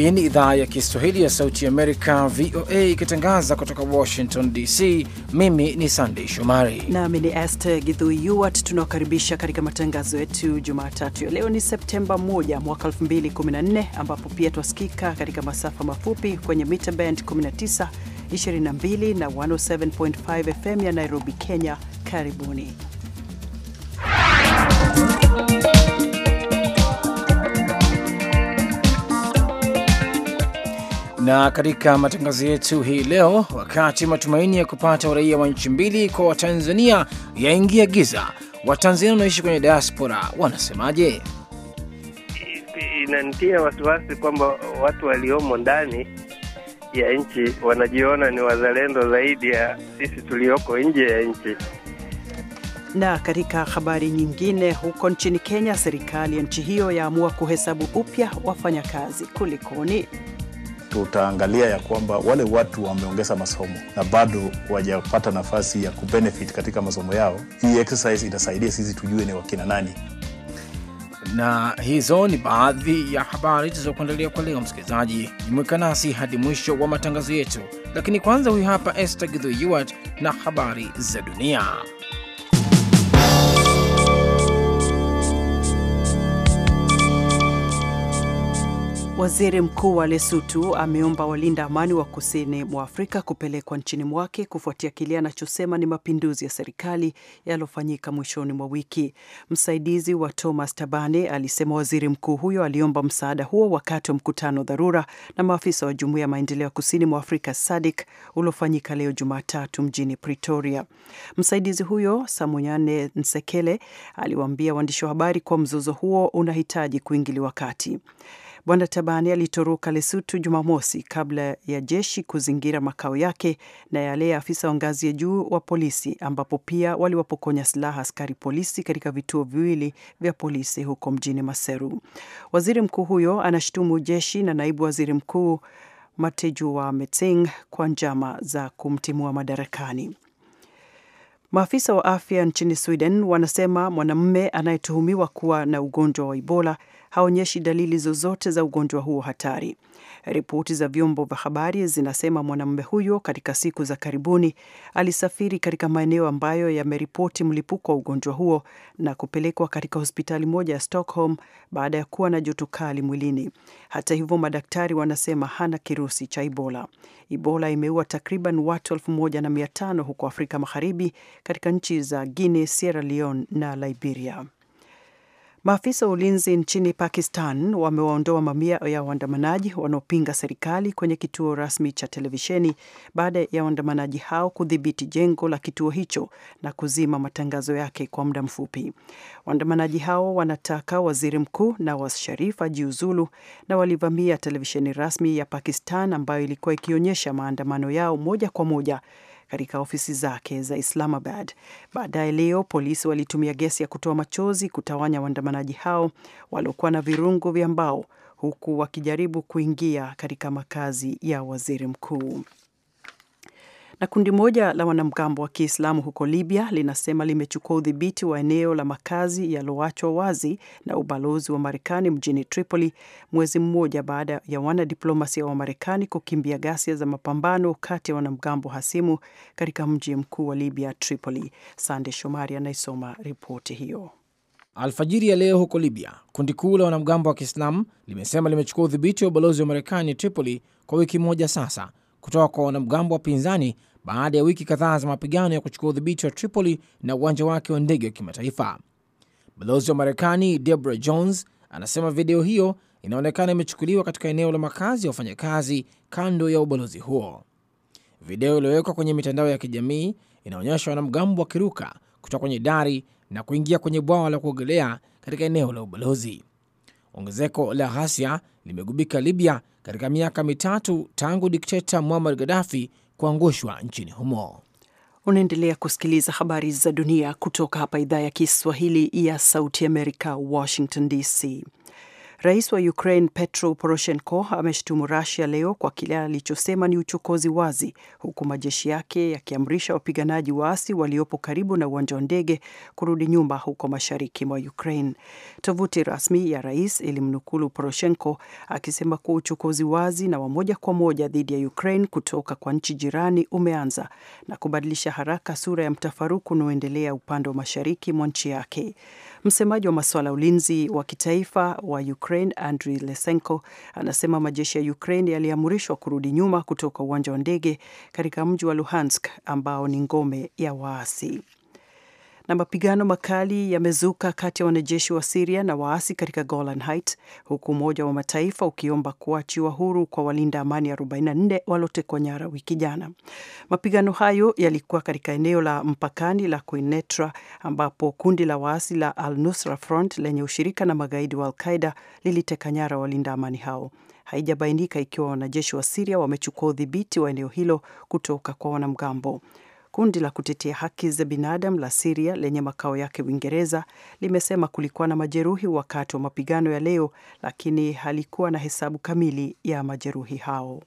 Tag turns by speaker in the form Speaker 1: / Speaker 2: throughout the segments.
Speaker 1: Hii
Speaker 2: ni idhaa ya Kiswahili ya Sauti Amerika, VOA, ikitangaza kutoka Washington DC. Mimi ni Sandei Shomari
Speaker 3: nami ni Esther Githuiyuat. Tunawakaribisha katika matangazo yetu Jumatatu ya leo, ni Septemba 1 mwaka 2014, ambapo pia twasikika katika masafa mafupi kwenye mita band 19, 22 na 107.5 FM ya Nairobi, Kenya. Karibuni.
Speaker 2: Na katika matangazo yetu hii leo, wakati matumaini ya kupata uraia wa nchi mbili kwa Watanzania yaingia giza, Watanzania wanaoishi kwenye diaspora wanasemaje?
Speaker 4: Inanitia wasiwasi kwamba watu waliomo ndani ya nchi wanajiona ni wazalendo zaidi ya sisi
Speaker 5: tulioko nje ya nchi.
Speaker 3: Na katika habari nyingine, huko nchini Kenya, serikali ya nchi hiyo yaamua kuhesabu upya wafanyakazi. Kulikoni?
Speaker 6: tutaangalia ya kwamba wale watu wameongeza masomo na bado wajapata nafasi ya kubenefit katika masomo yao, hii exercise itasaidia sisi tujue ni wakina nani.
Speaker 2: Na hizo ni baadhi ya habari tulizokuandalia kwa leo. Msikilizaji, jumuika nasi hadi mwisho wa matangazo yetu, lakini kwanza, huyu hapa Esther Githo na habari za dunia.
Speaker 7: Waziri
Speaker 3: Mkuu wa lesutu ameomba walinda amani wa kusini mwa Afrika kupelekwa nchini mwake kufuatia kile anachosema ni mapinduzi ya serikali yaliyofanyika mwishoni mwa wiki. Msaidizi wa Thomas Tabane alisema waziri mkuu huyo aliomba msaada huo wakati wa mkutano dharura na maafisa wa Jumuiya ya Maendeleo ya Kusini mwa Afrika SADC uliofanyika leo Jumatatu mjini Pretoria. Msaidizi huyo Samunyane Nsekele aliwaambia waandishi wa habari kuwa mzozo huo unahitaji kuingiliwa kati. Bwana Tabani alitoroka lesutu Jumamosi kabla ya jeshi kuzingira makao yake na yale ya afisa wa ngazi ya juu wa polisi, ambapo pia waliwapokonya silaha askari polisi katika vituo viwili vya polisi huko mjini Maseru. Waziri mkuu huyo anashutumu jeshi na naibu waziri mkuu Matejua Metsing kwa njama za kumtimua madarakani. Maafisa wa afya nchini Sweden wanasema mwanamume anayetuhumiwa kuwa na ugonjwa wa Ebola haonyeshi dalili zozote za ugonjwa huo hatari. Ripoti za vyombo vya habari zinasema mwanamume huyo katika siku za karibuni alisafiri katika maeneo ambayo yameripoti mlipuko wa ugonjwa huo na kupelekwa katika hospitali moja ya Stockholm baada ya kuwa na joto kali mwilini. Hata hivyo, madaktari wanasema hana kirusi cha Ebola. Ebola imeua takriban watu 1500 huko Afrika Magharibi katika nchi za Guinea, Sierra Leone na Liberia. Maafisa wa ulinzi nchini Pakistan wamewaondoa mamia ya waandamanaji wanaopinga serikali kwenye kituo rasmi cha televisheni baada ya waandamanaji hao kudhibiti jengo la kituo hicho na kuzima matangazo yake kwa muda mfupi. Waandamanaji hao wanataka waziri mkuu Nawaz Sharif ajiuzulu na walivamia televisheni rasmi ya Pakistan ambayo ilikuwa ikionyesha maandamano yao moja kwa moja katika ofisi zake za Islamabad. Baadaye leo polisi walitumia gesi ya kutoa machozi kutawanya waandamanaji hao waliokuwa na virungu vya mbao huku wakijaribu kuingia katika makazi ya waziri mkuu. Na kundi moja la wanamgambo wa Kiislamu huko Libya linasema limechukua udhibiti wa eneo la makazi yaliyoachwa wazi na ubalozi wa Marekani mjini Tripoli mwezi mmoja baada ya wanadiplomasia wa Marekani kukimbia ghasia za mapambano kati ya wanamgambo hasimu katika mji mkuu wa Libya, Tripoli. Sande Shomari anayesoma ripoti hiyo.
Speaker 2: Alfajiri ya leo huko Libya, kundi kuu la wanamgambo wa Kiislamu limesema limechukua udhibiti wa ubalozi wa Marekani Tripoli kwa wiki moja sasa kutoka kwa wanamgambo wa pinzani baada ya wiki kadhaa za mapigano ya kuchukua udhibiti wa Tripoli na uwanja wake wa ndege wa kimataifa. Balozi wa Marekani Deborah Jones anasema video hiyo inaonekana imechukuliwa katika eneo la makazi ya wafanyakazi kando ya ubalozi huo. Video iliyowekwa kwenye mitandao ya kijamii inaonyesha wanamgambo wakiruka kutoka kwenye dari na kuingia kwenye bwawa la kuogelea katika eneo la ubalozi. Ongezeko la ghasia limegubika Libya katika
Speaker 3: miaka mitatu tangu dikteta Muammar Gaddafi kuangushwa nchini humo. Unaendelea kusikiliza habari za dunia kutoka hapa idhaa ya Kiswahili ya Sauti Amerika, Washington DC. Rais wa Ukraine Petro Poroshenko ameshtumu rasia leo kwa kile alichosema ni uchokozi wazi, huku majeshi yake yakiamrisha wapiganaji waasi waliopo karibu na uwanja wa ndege kurudi nyumba huko mashariki mwa Ukraine. Tovuti rasmi ya rais ilimnukulu Poroshenko akisema kuwa uchokozi wazi na wa moja kwa moja dhidi ya Ukraine kutoka kwa nchi jirani umeanza na kubadilisha haraka sura ya mtafaruku unaoendelea upande wa mashariki mwa nchi yake. Msemaji wa masuala ya ulinzi wa kitaifa wa Ukraine Andriy Lesenko anasema majeshi ya Ukraine yaliamrishwa kurudi nyuma kutoka uwanja wa ndege katika mji wa Luhansk ambao ni ngome ya waasi na mapigano makali yamezuka kati ya wanajeshi wa Siria na waasi katika Golan Heights, huku Umoja wa Mataifa ukiomba kuachiwa huru kwa walinda amani 44 waliotekwa nyara wiki jana. Mapigano hayo yalikuwa katika eneo la mpakani la Quneitra ambapo kundi la waasi la Al-Nusra Front lenye ushirika na magaidi wa Alqaida liliteka nyara walinda amani hao. Haijabainika ikiwa wanajeshi wa Siria wamechukua udhibiti wa eneo hilo kutoka kwa wanamgambo. Kundi la kutetea haki za binadamu la Siria lenye makao yake Uingereza limesema kulikuwa na majeruhi wakati wa mapigano ya leo, lakini halikuwa na hesabu kamili ya majeruhi hao.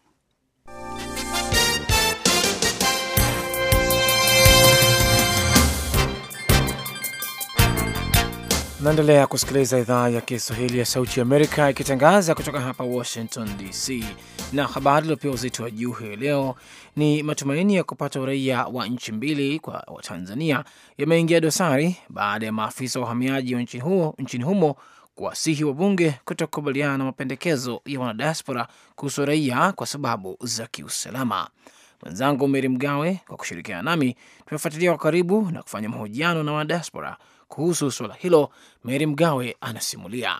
Speaker 2: Naendelea kusikiliza idhaa ya Kiswahili ya Sauti Amerika ikitangaza kutoka hapa Washington DC, na habari iliopewa uzito wa juu hii leo ni matumaini ya kupata uraia wa nchi mbili kwa Watanzania yameingia dosari baada ya maafisa wa uhamiaji wa nchini humo kuwasihi wabunge kutokubaliana na mapendekezo ya wanadiaspora kuhusu uraia kwa sababu za kiusalama. Mwenzangu Meri Mgawe kwa kushirikiana nami tumefuatilia kwa karibu na kufanya mahojiano na wanadiaspora kuhusu suala hilo, Meri Mgawe anasimulia.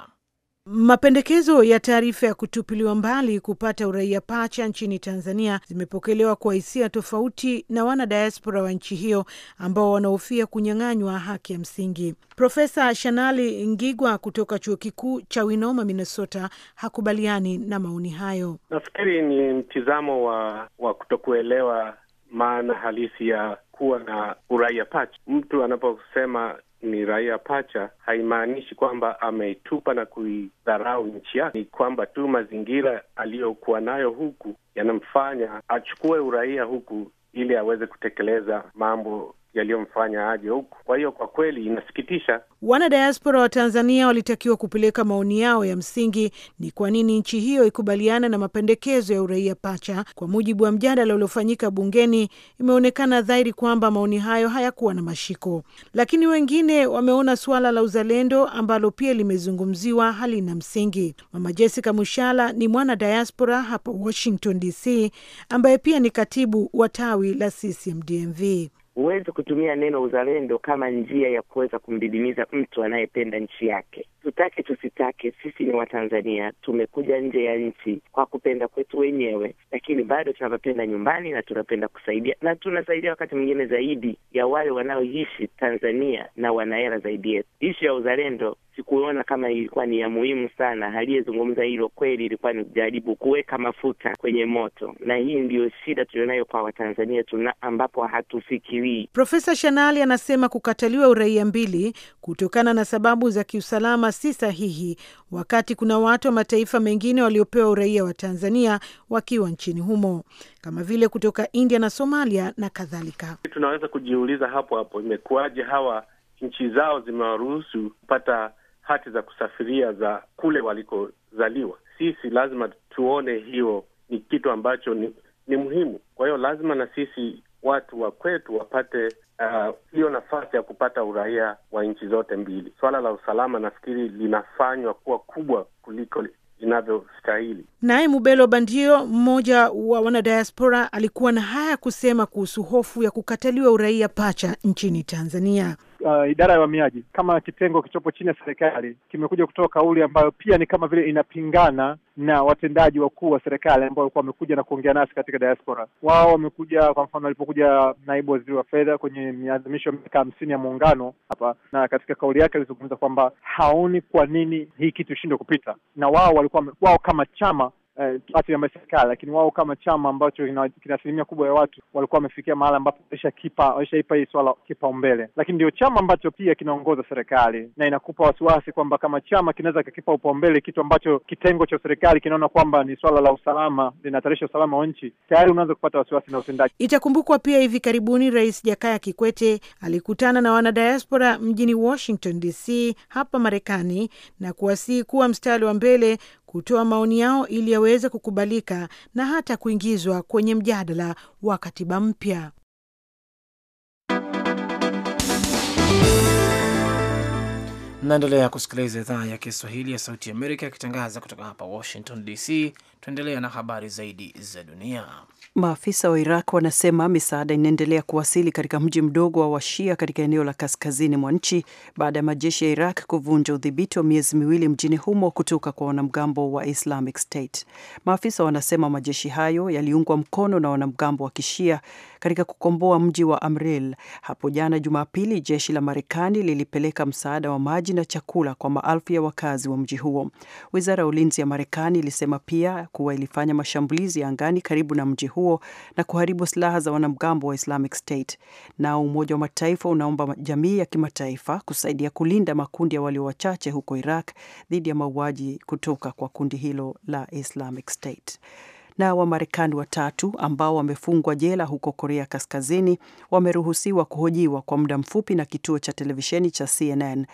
Speaker 7: Mapendekezo ya taarifa ya kutupiliwa mbali kupata uraia pacha nchini Tanzania zimepokelewa kwa hisia tofauti na wana diaspora wa nchi hiyo ambao wanahofia kunyang'anywa haki ya msingi. Profesa Shanali Ngigwa kutoka chuo kikuu cha Winoma, Minnesota, hakubaliani na maoni hayo.
Speaker 4: Nafikiri ni mtizamo wa, wa kutokuelewa maana halisi ya kuwa na uraia pacha. Mtu anaposema ni raia pacha haimaanishi kwamba ameitupa na kuidharau nchi yake. Ni kwamba tu mazingira aliyokuwa nayo huku yanamfanya achukue uraia huku ili aweze kutekeleza mambo yaliyomfanya aje huku. Kwa hiyo kwa kweli inasikitisha.
Speaker 7: Wanadiaspora wa Tanzania walitakiwa kupeleka maoni yao ya msingi, ni kwa nini nchi hiyo ikubaliana na mapendekezo ya uraia pacha. Kwa mujibu wa mjadala uliofanyika bungeni, imeonekana dhahiri kwamba maoni hayo hayakuwa na mashiko, lakini wengine wameona suala la uzalendo ambalo pia limezungumziwa halina msingi. Mama Jessica Mushala ni mwana diaspora hapo Washington DC, ambaye pia ni katibu wa tawi la CCM DMV
Speaker 4: huwezi kutumia neno uzalendo kama njia ya kuweza kumdidimiza mtu anayependa nchi yake. Tutake tusitake, sisi ni Watanzania, tumekuja nje ya nchi kwa kupenda kwetu wenyewe, lakini bado tunapapenda nyumbani na tunapenda kusaidia na tunasaidia wakati mwingine zaidi ya wale wanaoishi Tanzania na wanahela zaidi yetu. Ishu ya uzalendo sikuona kama ilikuwa ni ya muhimu sana. Aliyezungumza hilo kweli ilikuwa ni kujaribu kuweka mafuta kwenye moto, na hii ndiyo shida tulionayo kwa Watanzania tuna ambapo hatufikirii.
Speaker 7: Profesa Shanali anasema kukataliwa uraia mbili kutokana na sababu za kiusalama si sahihi, wakati kuna watu wa mataifa mengine waliopewa uraia wa Tanzania wakiwa nchini humo kama vile kutoka India na Somalia na kadhalika.
Speaker 4: Tunaweza kujiuliza hapo hapo, imekuwaje hawa nchi zao zimewaruhusu kupata hati za kusafiria za kule walikozaliwa. Sisi lazima tuone hiyo ni kitu ambacho ni, ni muhimu. Kwa hiyo lazima na sisi watu wa kwetu wapate uh, hiyo nafasi ya kupata uraia wa nchi zote mbili. Swala la usalama nafikiri linafanywa kuwa kubwa kuliko inavyostahili.
Speaker 7: Naye Mubelo Bandio, mmoja wa wanadiaspora, alikuwa na haya ya kusema kuhusu hofu ya kukataliwa uraia pacha nchini Tanzania
Speaker 4: uh, idara ya uhamiaji kama kitengo kichopo chini ya serikali kimekuja kutoa kauli ambayo pia ni kama vile inapingana na watendaji wakuu wa serikali ambao walikuwa wamekuja na kuongea nasi katika diaspora. Wao wamekuja, kwa mfano, alipokuja naibu waziri wa fedha kwenye miadhimisho ya miaka hamsini ya muungano hapa, na katika kauli yake alizungumza kwamba haoni kwa nini hii kitu ishindwe kupita, na wao walikuwa wao kama chama eh, ya serikali, lakini wao kama chama ambacho kina asilimia kubwa ya watu walikuwa wamefikia mahala ambapo wameshaipa wameshaipa hii swala kipaumbele, lakini ndio chama ambacho pia kinaongoza serikali na inakupa wasiwasi kwamba kama chama kinaweza kikipa upaumbele kitu ambacho kitengo cha serikali kinaona kwamba ni swala la usalama, linahatarisha usalama wa nchi, tayari unaanza kupata wasiwasi na utendaji.
Speaker 7: Itakumbukwa pia hivi karibuni Rais Jakaya Kikwete alikutana na wanadiaspora mjini Washington DC hapa Marekani na kuwasihi kuwa mstari wa mbele kutoa maoni yao ili yaweze kukubalika na hata kuingizwa kwenye mjadala wa katiba mpya.
Speaker 2: Mnaendelea kusikiliza idhaa ya Kiswahili ya Sauti ya Amerika ikitangaza kutoka hapa Washington DC. Tuendelea na habari zaidi za dunia.
Speaker 3: Maafisa wa Iraq wanasema misaada inaendelea kuwasili katika mji mdogo wa Washia katika eneo la kaskazini mwa nchi baada ya majeshi ya Iraq kuvunja udhibiti wa miezi miwili mjini humo kutoka kwa wanamgambo wa Islamic State. Maafisa wanasema majeshi hayo yaliungwa mkono na wanamgambo wa Kishia katika kukomboa mji wa Amril. Hapo jana Jumapili, jeshi la Marekani lilipeleka msaada wa maji na chakula kwa maelfu ya wakazi wa mji huo. Wizara ya ulinzi ya Marekani ilisema pia kuwa ilifanya mashambulizi ya angani karibu na mji huo na kuharibu silaha za wanamgambo wa Islamic State. Nao Umoja wa Mataifa unaomba jamii ya kimataifa kusaidia kulinda makundi ya walio wachache huko Iraq dhidi ya mauaji kutoka kwa kundi hilo la Islamic State na Wamarekani watatu ambao wamefungwa jela huko Korea Kaskazini wameruhusiwa kuhojiwa kwa muda mfupi na kituo cha televisheni cha CNN.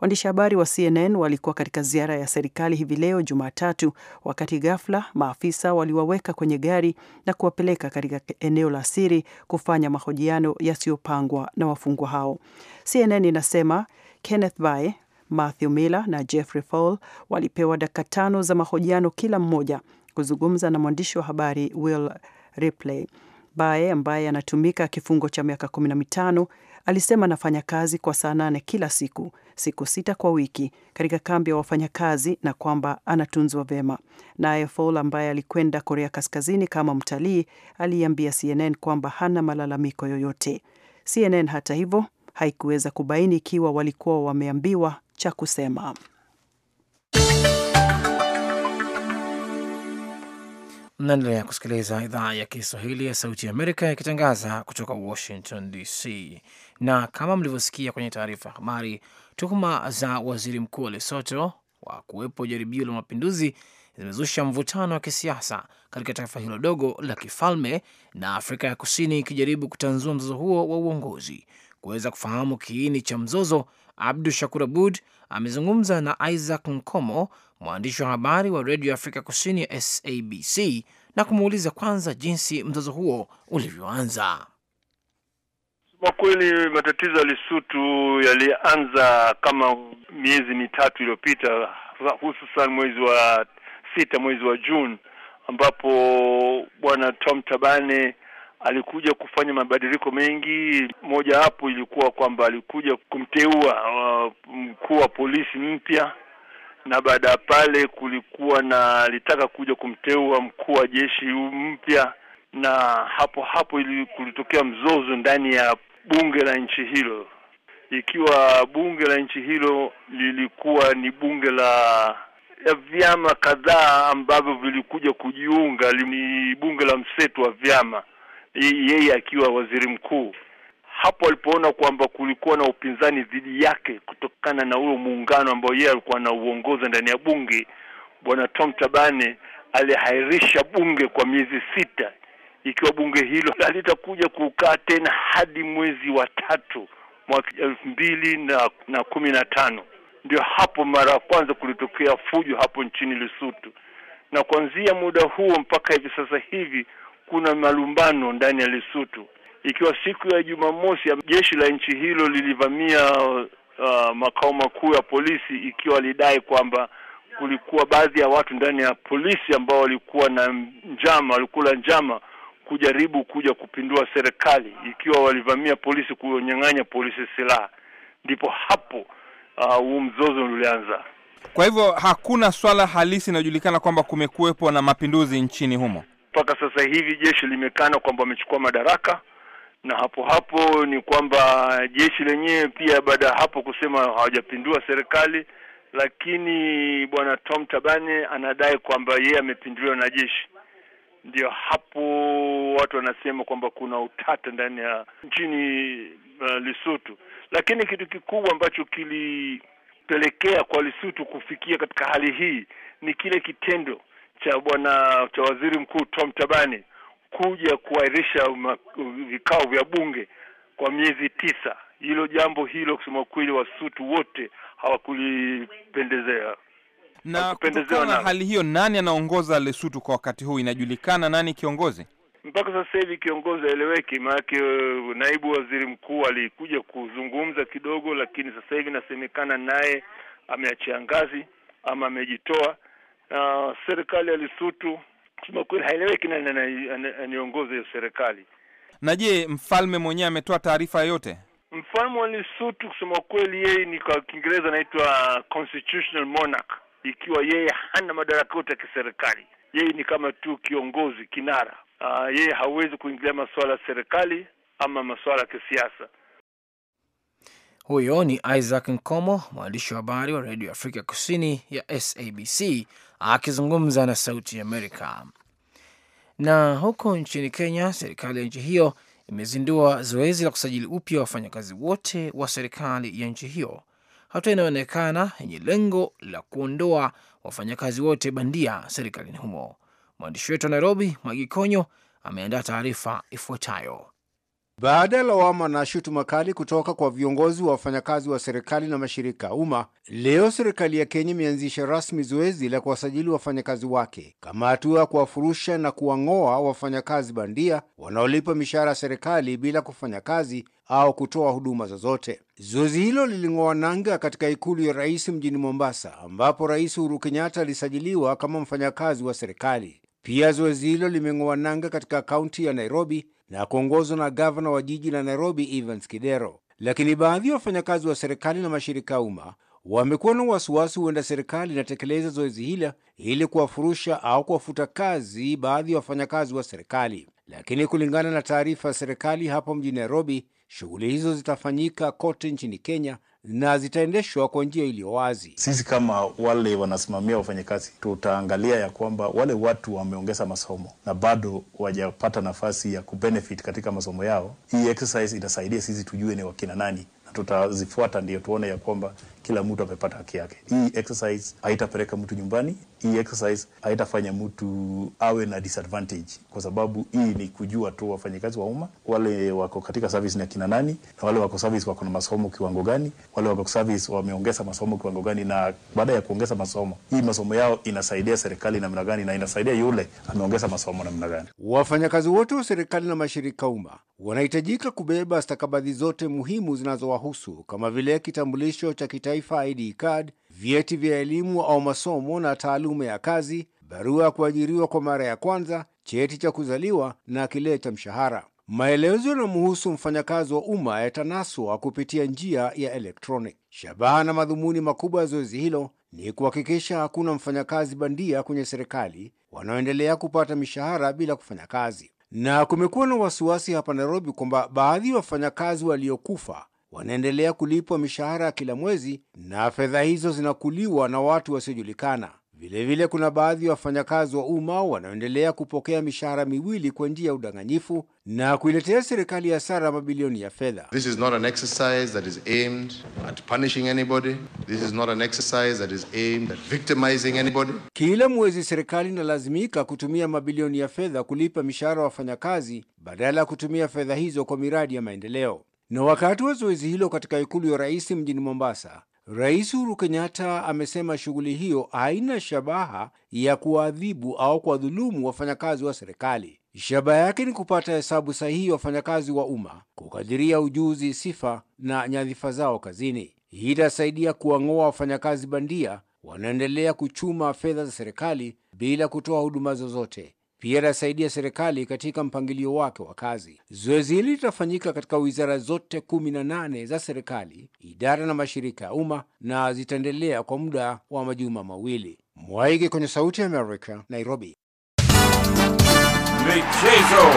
Speaker 3: Waandishi habari wa CNN walikuwa katika ziara ya serikali hivi leo Jumatatu, wakati ghafla maafisa waliwaweka kwenye gari na kuwapeleka katika eneo la siri kufanya mahojiano yasiyopangwa na wafungwa hao. CNN inasema Kenneth Bae, Matthew Miller na Jeffrey Fall walipewa dakika tano za mahojiano kila mmoja kuzungumza na mwandishi wa habari Will Ripley Bae ambaye anatumika kifungo cha miaka 15 alisema anafanya kazi kwa saa nane kila siku siku sita kwa wiki katika kambi ya wafanyakazi na kwamba anatunzwa vema Naye Fall ambaye alikwenda Korea Kaskazini kama mtalii aliambia CNN kwamba hana malalamiko yoyote. CNN hata hivyo haikuweza kubaini ikiwa walikuwa wameambiwa cha kusema.
Speaker 2: Mnaendelea kusikiliza idhaa ya Kiswahili ya Sauti ya Amerika ikitangaza kutoka Washington DC. Na kama mlivyosikia kwenye taarifa ya habari, tuhuma za waziri mkuu wa Lesoto wa kuwepo jaribio la mapinduzi zimezusha mvutano wa kisiasa katika taifa hilo dogo la kifalme, na Afrika ya Kusini ikijaribu kutanzua mzozo huo wa uongozi. Kuweza kufahamu kiini cha mzozo, Abdu Shakur Abud amezungumza na Isaac Nkomo, mwandishi wa habari wa redio Afrika Kusini ya SABC, na kumuuliza kwanza jinsi mzozo huo ulivyoanza.
Speaker 5: Kwa kweli matatizo ya Lesotho yalianza kama miezi mitatu iliyopita, hususan mwezi wa sita, mwezi wa Juni, ambapo bwana Tom Tabane alikuja kufanya mabadiliko mengi. Moja wapo ilikuwa kwamba alikuja kumteua uh, mkuu wa polisi mpya, na baada ya pale kulikuwa na alitaka kuja kumteua mkuu wa jeshi mpya, na hapo hapo ili kulitokea mzozo ndani ya bunge la nchi hilo, ikiwa bunge la nchi hilo lilikuwa ni bunge la ya vyama kadhaa ambavyo vilikuja kujiunga, ni bunge la mseto wa vyama yeye akiwa waziri mkuu. Hapo alipoona kwamba kulikuwa na upinzani dhidi yake kutokana na ule muungano ambao yeye alikuwa na uongozi ndani ya bunge, bwana Tom Tabane alihairisha bunge kwa miezi sita, ikiwa bunge hilo halitakuja kukaa tena hadi mwezi wa tatu mwaka elfu mbili na, na kumi na tano. Ndio hapo mara ya kwanza kulitokea fujo hapo nchini Lesotho, na kuanzia muda huo mpaka hivi sasa hivi kuna malumbano ndani ya Lesotho, ikiwa siku ya Jumamosi jeshi la nchi hilo lilivamia uh, makao makuu ya polisi, ikiwa walidai kwamba kulikuwa baadhi ya watu ndani ya polisi ambao walikuwa na njama, walikula njama kujaribu kuja kupindua serikali, ikiwa walivamia polisi kunyang'anya polisi silaha. Ndipo hapo uh, huu uh, mzozo ulianza.
Speaker 6: Kwa hivyo hakuna swala halisi inayojulikana kwamba kumekuwepo na mapinduzi nchini humo
Speaker 5: mpaka sasa hivi jeshi limekana kwamba wamechukua madaraka na hapo hapo ni kwamba jeshi lenyewe pia baada ya hapo kusema hawajapindua serikali, lakini bwana Tom Tabane anadai kwamba yeye amepinduliwa na jeshi. Ndio hapo watu wanasema kwamba kuna utata ndani ya nchini uh, Lesotho. Lakini kitu kikubwa ambacho kilipelekea kwa Lesotho kufikia katika hali hii ni kile kitendo cha bwana cha waziri mkuu Tom Tabani kuja kuahirisha vikao vya bunge kwa miezi tisa. Hilo jambo hilo, kusema kweli, Wasutu wote hawakulipendezea na kutokana na hali
Speaker 6: hiyo, nani anaongoza Lesotho kwa wakati huu? Inajulikana nani kiongozi?
Speaker 5: Mpaka sasa hivi kiongozi aeleweki, maanake uh, naibu waziri mkuu alikuja kuzungumza kidogo, lakini sasa hivi inasemekana naye ameachia ngazi ama amejitoa na uh, serikali ya Lesotho kusema kweli haieleweki nani anaiongoza hiyo serikali.
Speaker 6: Na je, mfalme mwenyewe ametoa taarifa yoyote?
Speaker 5: Mfalme wa Lesotho kusema kweli, yeye ni kwa Kiingereza anaitwa constitutional monarch, ikiwa yeye hana madaraka yote ya kiserikali. Yeye ni kama tu kiongozi kinara. Aa, uh, yeye hawezi kuingilia masuala ya serikali ama masuala ya kisiasa.
Speaker 2: Huyo ni Isaac Nkomo, mwandishi wa habari wa redio Afrika Kusini ya SABC akizungumza na Sauti ya Amerika. Na huko nchini Kenya, serikali ya nchi hiyo imezindua zoezi la kusajili upya wafanyakazi wote wa serikali ya nchi hiyo, hatua inayoonekana yenye lengo la kuondoa wafanyakazi wote bandia serikalini humo. Mwandishi wetu wa Nairobi, magikonyo ameandaa taarifa ifuatayo.
Speaker 8: Baada ya lawama na shutuma kali kutoka kwa viongozi wa wafanyakazi wa serikali na mashirika ya umma, leo serikali ya Kenya imeanzisha rasmi zoezi la kuwasajili wafanyakazi wake kama hatua ya kuwafurusha na kuwang'oa wafanyakazi bandia wanaolipa mishahara ya serikali bila kufanya kazi au kutoa huduma zozote. Zoezi hilo liling'oa nanga katika ikulu ya rais mjini Mombasa, ambapo Rais Uhuru Kenyatta alisajiliwa kama mfanyakazi wa serikali. Pia zoezi hilo limeng'oa nanga katika kaunti ya Nairobi na kuongozwa na gavana wa jiji la Nairobi Evans Kidero. Lakini baadhi ya wafanyakazi wa serikali na mashirika ya umma wamekuwa na wasiwasi, huenda serikali inatekeleza zoezi hilo ili kuwafurusha au kuwafuta kazi baadhi ya wafanyakazi wa serikali. Lakini kulingana na taarifa ya serikali hapo mjini Nairobi, shughuli hizo zitafanyika kote nchini Kenya na zitaendeshwa kwa njia iliyo wazi.
Speaker 6: Sisi kama wale wanasimamia wafanyakazi, tutaangalia ya kwamba wale watu wameongeza masomo na bado wajapata nafasi ya kubenefit katika masomo yao. Hii exercise itasaidia sisi tujue ni wakina nani na tutazifuata, ndio tuone ya kwamba kila mtu amepata haki yake. Hii exercise haitapeleka mtu nyumbani, hii exercise haitafanya mtu awe na disadvantage, kwa sababu hii ni kujua tu wafanyakazi wa umma wale wako katika service ni akina nani, na wale wako service wako na masomo kiwango gani, wale wako service wameongeza masomo kiwango gani, na baada ya kuongeza masomo hii masomo yao inasaidia serikali namna gani, na inasaidia yule ameongeza masomo namna gani.
Speaker 8: Wafanyakazi wote wa serikali na mashirika umma wanahitajika kubeba stakabadhi zote muhimu zinazowahusu kama vile kitambulisho cha kitaifa, ID card vyeti vya elimu au masomo na taaluma ya kazi, barua ya kuajiriwa kwa mara ya kwanza, cheti cha kuzaliwa na kile cha mshahara. Maelezo yanamhusu mfanyakazi wa umma yatanaswa kupitia njia ya elektroni. Shabaha na madhumuni makubwa ya zoezi hilo ni kuhakikisha hakuna mfanyakazi bandia kwenye serikali wanaoendelea kupata mishahara bila kufanya kazi. Na kumekuwa na wasiwasi hapa Nairobi kwamba baadhi ya wafanyakazi waliokufa wanaendelea kulipwa mishahara ya kila mwezi na fedha hizo zinakuliwa na watu wasiojulikana. Vilevile kuna baadhi ya wafanyakazi wa umma wanaoendelea kupokea mishahara miwili kwa njia ya udanganyifu na kuiletea serikali hasara mabilioni ya fedha. This
Speaker 9: is not an exercise that is aimed at punishing anybody. This is not an exercise that is
Speaker 8: aimed at victimizing anybody. Kila mwezi serikali inalazimika kutumia mabilioni ya fedha kulipa mishahara wafanyakazi badala ya kutumia fedha hizo kwa miradi ya maendeleo. Na wakati wa zoezi hilo katika ikulu ya rais mjini Mombasa, Rais Uhuru Kenyatta amesema shughuli hiyo haina shabaha ya kuwaadhibu au kuwadhulumu wafanyakazi wa serikali. Shabaha yake ni kupata hesabu sahihi wafanyakazi wa umma, kukadiria ujuzi, sifa na nyadhifa zao kazini. Hii itasaidia kuwang'oa wafanyakazi bandia wanaendelea kuchuma fedha za serikali bila kutoa huduma zozote pia itasaidia serikali katika mpangilio wake wa kazi. Zoezi hili litafanyika katika wizara zote kumi na nane za serikali, idara na mashirika ya umma, na zitaendelea kwa muda wa majuma mawili. Mwaige kwenye Sauti ya Amerika, Nairobi. Michezo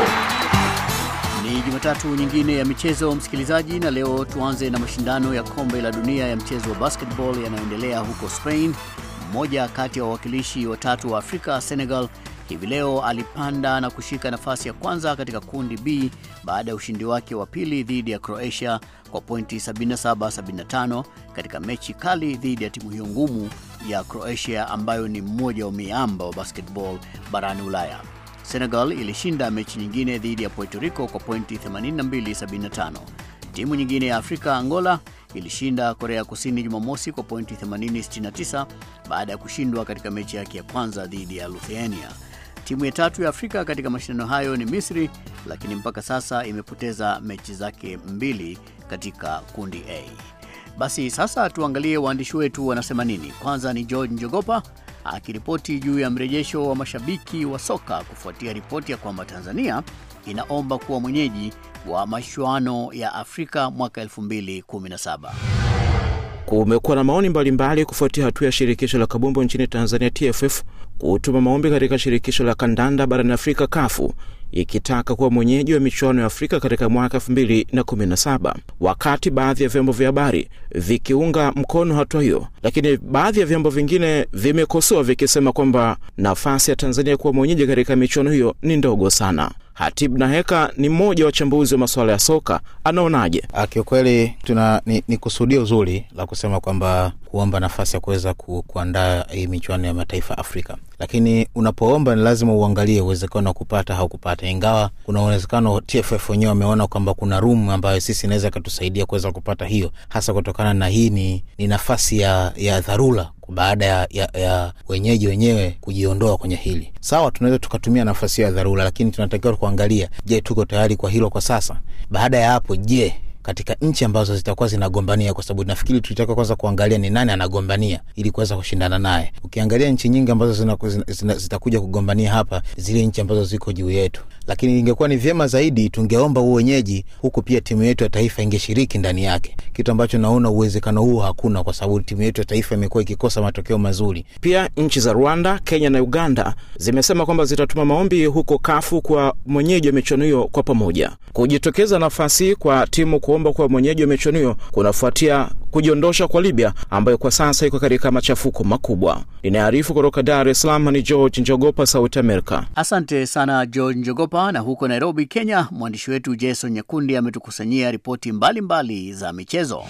Speaker 8: ni Jumatatu nyingine ya michezo, msikilizaji,
Speaker 1: na leo tuanze na mashindano ya kombe la dunia ya mchezo wa basketball yanayoendelea huko Spain. Mmoja kati ya wawakilishi watatu wa Afrika, Senegal, hivi leo alipanda na kushika nafasi ya kwanza katika kundi B baada ya ushindi wake wa pili dhidi ya Croatia kwa pointi 77-75 katika mechi kali dhidi ya timu hiyo ngumu ya Croatia ambayo ni mmoja wa miamba wa basketball barani Ulaya. Senegal ilishinda mechi nyingine dhidi ya Puerto Rico kwa pointi 82-75. Timu nyingine ya Afrika, Angola, ilishinda Korea Kusini Jumamosi kwa pointi 80-69 baada ya kushindwa katika mechi yake ya kwanza dhidi ya Lithuania. Timu ya tatu ya Afrika katika mashindano hayo ni Misri, lakini mpaka sasa imepoteza mechi zake mbili katika kundi A. Basi sasa tuangalie waandishi wetu wanasema nini. Kwanza ni George Njogopa akiripoti juu ya mrejesho wa mashabiki wa soka kufuatia ripoti ya kwamba Tanzania inaomba kuwa mwenyeji wa mashuano ya Afrika mwaka 2017.
Speaker 10: Kumekuwa na maoni mbalimbali kufuatia hatua ya shirikisho la kabumbu nchini Tanzania TFF kutuma maombi katika shirikisho la kandanda barani Afrika kafu ikitaka kuwa mwenyeji wa michuano ya Afrika katika mwaka 2017 wakati baadhi ya vyombo vya habari vikiunga mkono hatua hiyo, lakini baadhi ya vyombo vingine vimekosoa vikisema kwamba nafasi ya Tanzania kuwa mwenyeji katika michuano hiyo ni ndogo sana. Hatib Naheka ni mmoja wa wachambuzi wa masuala ya soka, anaonaje?
Speaker 9: Ah, kiukweli tuna ni, ni kusudio zuri la kusema kwamba kuomba nafasi ya kuweza ku, kuandaa hii michuano ya mataifa Afrika, lakini unapoomba ni lazima uangalie uwezekano wa kupata au kupata, ingawa kuna uwezekano TFF wenyewe wameona kwamba kuna room ambayo sisi inaweza ikatusaidia kuweza kupata hiyo, hasa kutokana na hii ni, ni nafasi ya, ya dharura baada ya, ya, ya wenyeji wenyewe kujiondoa kwenye hili. Sawa, tunaweza tukatumia nafasi ya dharura, lakini tunatakiwa kuangalia, je, tuko tayari kwa hilo kwa sasa? Baada ya hapo, je katika nchi ambazo zitakuwa zinagombania, kwa sababu nafikiri tulitaka kwanza kuangalia ni nani anagombania ili kuweza kushindana naye. Ukiangalia nchi nyingi ambazo zina, zina, zitakuja kugombania hapa, zile nchi ambazo ziko juu yetu, lakini ingekuwa ni vyema zaidi tungeomba wenyeji huku pia timu yetu ya taifa ingeshiriki ndani yake, kitu ambacho naona uwezekano huo hakuna, kwa sababu timu yetu ya taifa imekuwa ikikosa matokeo mazuri.
Speaker 10: Pia nchi za Rwanda, Kenya na Uganda zimesema kwamba zitatuma maombi huko kafu kwa mwenyeji wa michuano hiyo kwa pamoja. Kujitokeza nafasi kwa timu kuomba kuwa mwenyeji wa michuano hiyo kunafuatia kujiondosha kwa Libya ambayo kwa sasa iko katika machafuko makubwa. Inaarifu kutoka Dar es Salaam ni George Njogopa, Sauti Amerika.
Speaker 1: Asante sana George Njogopa. Na huko Nairobi, Kenya, mwandishi wetu Jason Nyakundi ametukusanyia ripoti mbalimbali za michezo.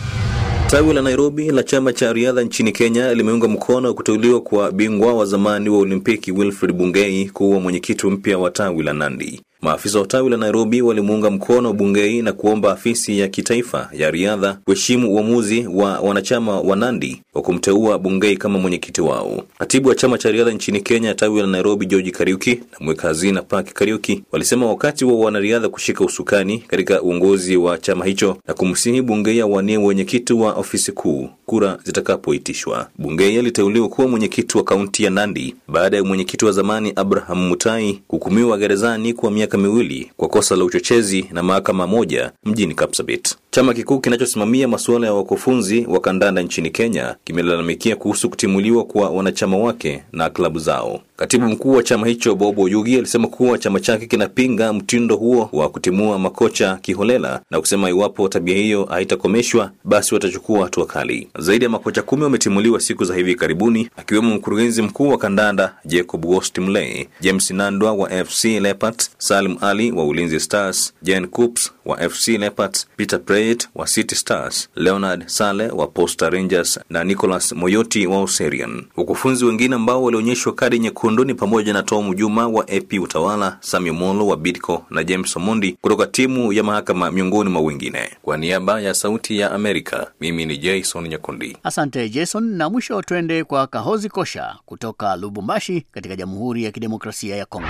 Speaker 11: Tawi la Nairobi la chama cha riadha nchini Kenya limeunga mkono kuteuliwa kwa bingwa wa zamani wa Olimpiki Wilfred Bungei kuwa mwenyekiti mpya wa tawi la Nandi. Maafisa wa tawi la Nairobi walimuunga mkono Bungei na kuomba afisi ya kitaifa ya riadha kuheshimu uamuzi wa wanachama wa Nandi wa kumteua Bungei kama mwenyekiti wao. Katibu wa chama cha riadha nchini Kenya tawi la Nairobi, George Kariuki na mweka hazina Park Kariuki walisema wakati wa wanariadha kushika usukani katika uongozi wa chama hicho na kumsihi Bungei awanie mwenyekiti wa ofisi kuu kura zitakapoitishwa. Bungei aliteuliwa kuwa mwenyekiti wa kaunti ya Nandi baada ya mwenyekiti wa zamani Abraham Mutai kuhukumiwa gerezani kwa miaka miaka miwili kwa kosa la uchochezi na mahakama moja mjini Kapsabit. Chama kikuu kinachosimamia masuala ya wakufunzi wa kandanda nchini Kenya kimelalamikia kuhusu kutimuliwa kwa wanachama wake na klabu zao. Katibu mkuu wa chama hicho Bobo Yugi alisema kuwa chama chake kinapinga mtindo huo wa kutimua makocha kiholela na kusema iwapo tabia hiyo haitakomeshwa basi watachukua hatua kali. Zaidi ya makocha kumi wametimuliwa siku za hivi karibuni, akiwemo mkurugenzi mkuu wa kandanda Jacob Wost Mulee, James Nandwa wa FC Leopards, Salim Ali wa Ulinzi Stars, Jan Coops wa FC Leopards, Peter Pre Leit wa City Stars, Leonard Sale wa Posta Rangers na Nicholas Moyoti wa Oserian. Wakufunzi wengine ambao walionyeshwa kadi nyekundu ni pamoja na Tom Juma wa AP Utawala, Sami Molo wa Bidco na James Omondi kutoka timu ya Mahakama, miongoni mwa wengine. Kwa niaba ya Sauti ya Amerika, mimi ni Jason Nyakundi.
Speaker 1: Asante Jason, na mwisho twende kwa Kahozi Kosha kutoka Lubumbashi katika Jamhuri ya Kidemokrasia ya Kongo.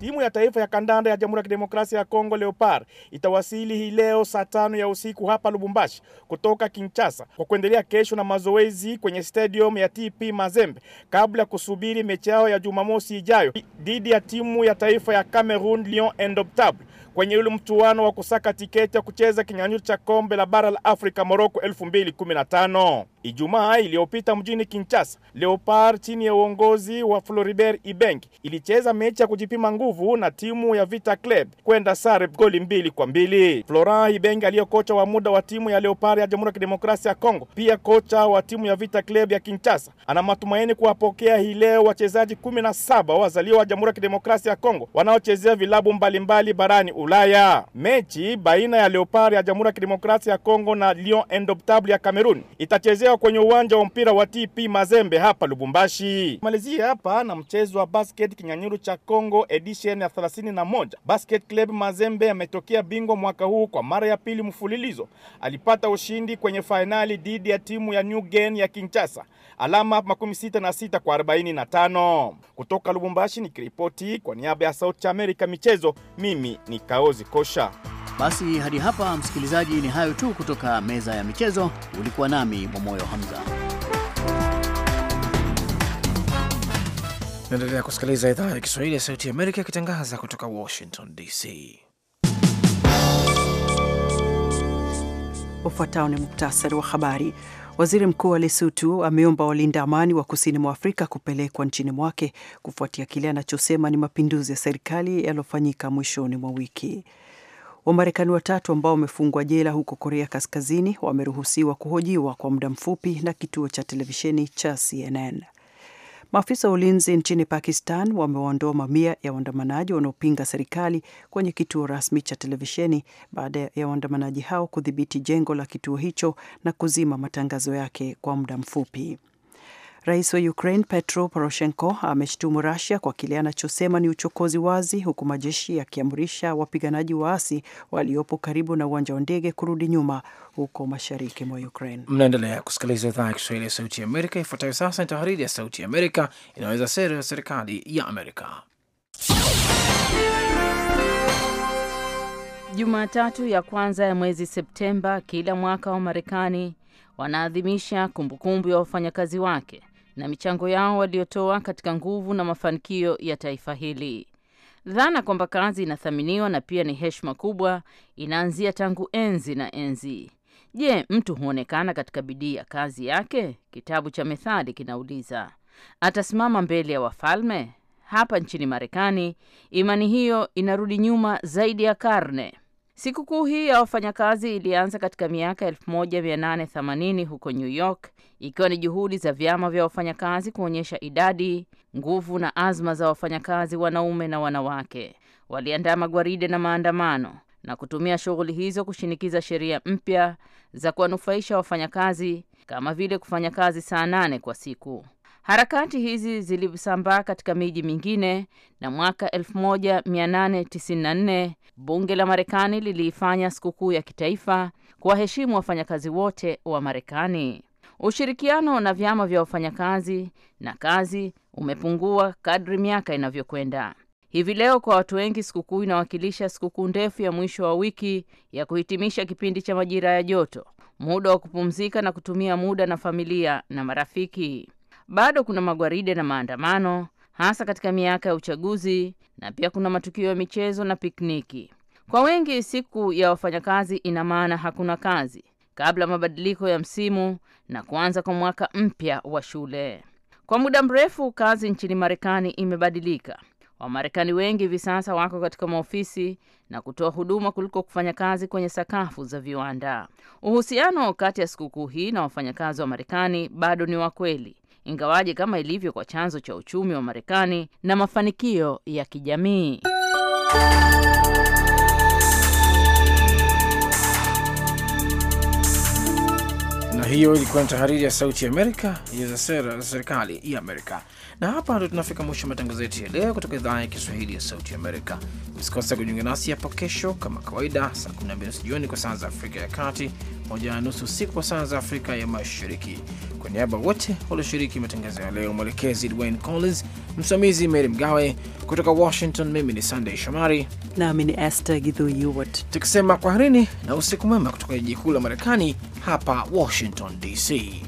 Speaker 6: Timu ya taifa ya kandanda ya Jamhuri ya Kidemokrasia ya Kongo Leopard itawasili hii leo saa tano ya usiku hapa Lubumbashi kutoka Kinshasa kwa kuendelea kesho na mazoezi kwenye stadium ya TP Mazembe kabla ya kusubiri mechi yao ya Jumamosi ijayo dhidi ya timu ya taifa ya Cameroon Lion Indomptable kwenye ule mchuano wa kusaka tiketi ya kucheza kinyang'anyiro cha kombe la bara la Afrika Morocco 2015. Ijumaa iliyopita mjini Kinshasa, Leopard chini ya uongozi wa Floribert Ibeng ilicheza mechi ya kujipima nguvu na timu ya Vita Club kwenda sare goli mbili kwa mbili. Florent ibeng aliye kocha wa muda wa timu ya Leopard ya Jamhuri ya Kidemokrasia ya Kongo, pia kocha wa timu ya Vita Club ya Kinshasa, ana matumaini kuwapokea hii leo wachezaji 17 wazaliwa wa Jamhuri ya Kidemokrasia ya Kongo wanaochezea vilabu mbalimbali mbali barani Ulaya. Ulaya. Mechi baina ya Leopard ya Jamhuri ya Kidemokrasia ya Kongo na Lion Indomptable ya cameroon itachezewa kwenye uwanja wa mpira wa TP Mazembe hapa Lubumbashi. Malizia hapa na mchezo wa basket kinyanyuru cha Kongo edition ya 31. Basket Club Mazembe ametokea bingwa mwaka huu kwa mara ya pili mfululizo. Alipata ushindi kwenye fainali dhidi ya timu ya New Gen ya Kinshasa, alama makumi sita na sita kwa tano. Kutoka Lubumbashi nikiripoti kwa niaba ya Sauti ya Amerika michezo, mimi ni Kaozi Kosha. Basi hadi hapa, msikilizaji, ni hayo tu
Speaker 1: kutoka meza ya michezo. Ulikuwa nami Momoyo Hamza. Naendelea kusikiliza idhaa ya Kiswahili ya Sauti ya Amerika ikitangaza
Speaker 2: kutoka Washington DC.
Speaker 3: Ufuatao ni muktasari wa habari. Waziri Mkuu wa Lesutu ameomba walinda amani wa kusini mwa Afrika kupelekwa nchini mwake kufuatia kile anachosema ni mapinduzi ya serikali yaliyofanyika mwishoni mwa wiki. Wamarekani watatu ambao wamefungwa jela huko Korea Kaskazini wameruhusiwa kuhojiwa kwa muda mfupi na kituo cha televisheni cha CNN. Maafisa wa ulinzi nchini Pakistan wamewaondoa mamia ya waandamanaji wanaopinga serikali kwenye kituo rasmi cha televisheni baada ya waandamanaji hao kudhibiti jengo la kituo hicho na kuzima matangazo yake kwa muda mfupi. Rais wa Ukraine Petro Poroshenko ameshtumu rasia kwa kile anachosema ni uchokozi wazi, huku majeshi yakiamrisha wapiganaji waasi waliopo karibu na uwanja wa ndege kurudi nyuma huko mashariki mwa Ukraine.
Speaker 2: Mnaendelea kusikiliza idhaa ya Kiswahili ya Sauti ya Amerika. Ifuatayo sasa ni tahariri ya Sauti ya Amerika inaweza sera ya serikali ya Amerika.
Speaker 12: Jumatatu ya kwanza ya mwezi Septemba kila mwaka wa Marekani wanaadhimisha kumbukumbu ya wafanyakazi wake na michango yao waliotoa katika nguvu na mafanikio ya taifa hili. Dhana kwamba kazi inathaminiwa na pia ni heshima kubwa inaanzia tangu enzi na enzi. Je, mtu huonekana katika bidii ya kazi yake? Kitabu cha Methali kinauliza, atasimama mbele ya wafalme? Hapa nchini Marekani imani hiyo inarudi nyuma zaidi ya karne. Sikukuu hii ya wafanyakazi ilianza katika miaka 1880 huko New York, ikiwa ni juhudi za vyama vya wafanyakazi kuonyesha idadi, nguvu na azma za wafanyakazi wanaume na wanawake. Waliandaa magwaride na maandamano na kutumia shughuli hizo kushinikiza sheria mpya za kuwanufaisha wafanyakazi kama vile kufanya kazi saa nane kwa siku. Harakati hizi zilisambaa katika miji mingine na mwaka 1894 bunge la Marekani liliifanya sikukuu ya kitaifa kuwaheshimu wafanyakazi wote wa Marekani. Ushirikiano na vyama vya wafanyakazi na kazi umepungua kadri miaka inavyokwenda. Hivi leo kwa watu wengi, sikukuu inawakilisha sikukuu ndefu ya mwisho wa wiki ya kuhitimisha kipindi cha majira ya joto, muda wa kupumzika na kutumia muda na familia na marafiki bado kuna magwaride na maandamano, hasa katika miaka ya uchaguzi, na pia kuna matukio ya michezo na pikniki. Kwa wengi, siku ya wafanyakazi ina maana hakuna kazi kabla mabadiliko ya msimu na kuanza kwa mwaka mpya wa shule. Kwa muda mrefu, kazi nchini Marekani imebadilika. Wamarekani wengi hivi sasa wako katika maofisi na kutoa huduma kuliko kufanya kazi kwenye sakafu za viwanda. Uhusiano kati ya sikukuu hii na wafanyakazi wa Marekani bado ni wa kweli, ingawaje kama ilivyo kwa chanzo cha uchumi wa Marekani na mafanikio ya kijamii.
Speaker 2: Na hiyo ilikuwa ni tahariri ya Sauti ya Amerika ya sera za serikali ya Amerika. Na hapa ndo tunafika mwisho wa matangazo yetu ya leo kutoka idhaa ya Kiswahili ya Sauti Amerika. Msikose kujiunga nasi hapo kesho kama kawaida, saa 12 jioni kwa saa za Afrika ya Kati, moja na nusu usiku kwa saa za Afrika ya Mashariki. Kwa niaba wote walioshiriki matangazo ya leo, mwelekezi Dwayne Collins, msimamizi Mary Mgawe kutoka Washington, mimi ni sandey Shomari nami ni este Githuwot, tukisema kwaherini na usiku mwema kutoka jiji kuu la Marekani hapa Washington DC.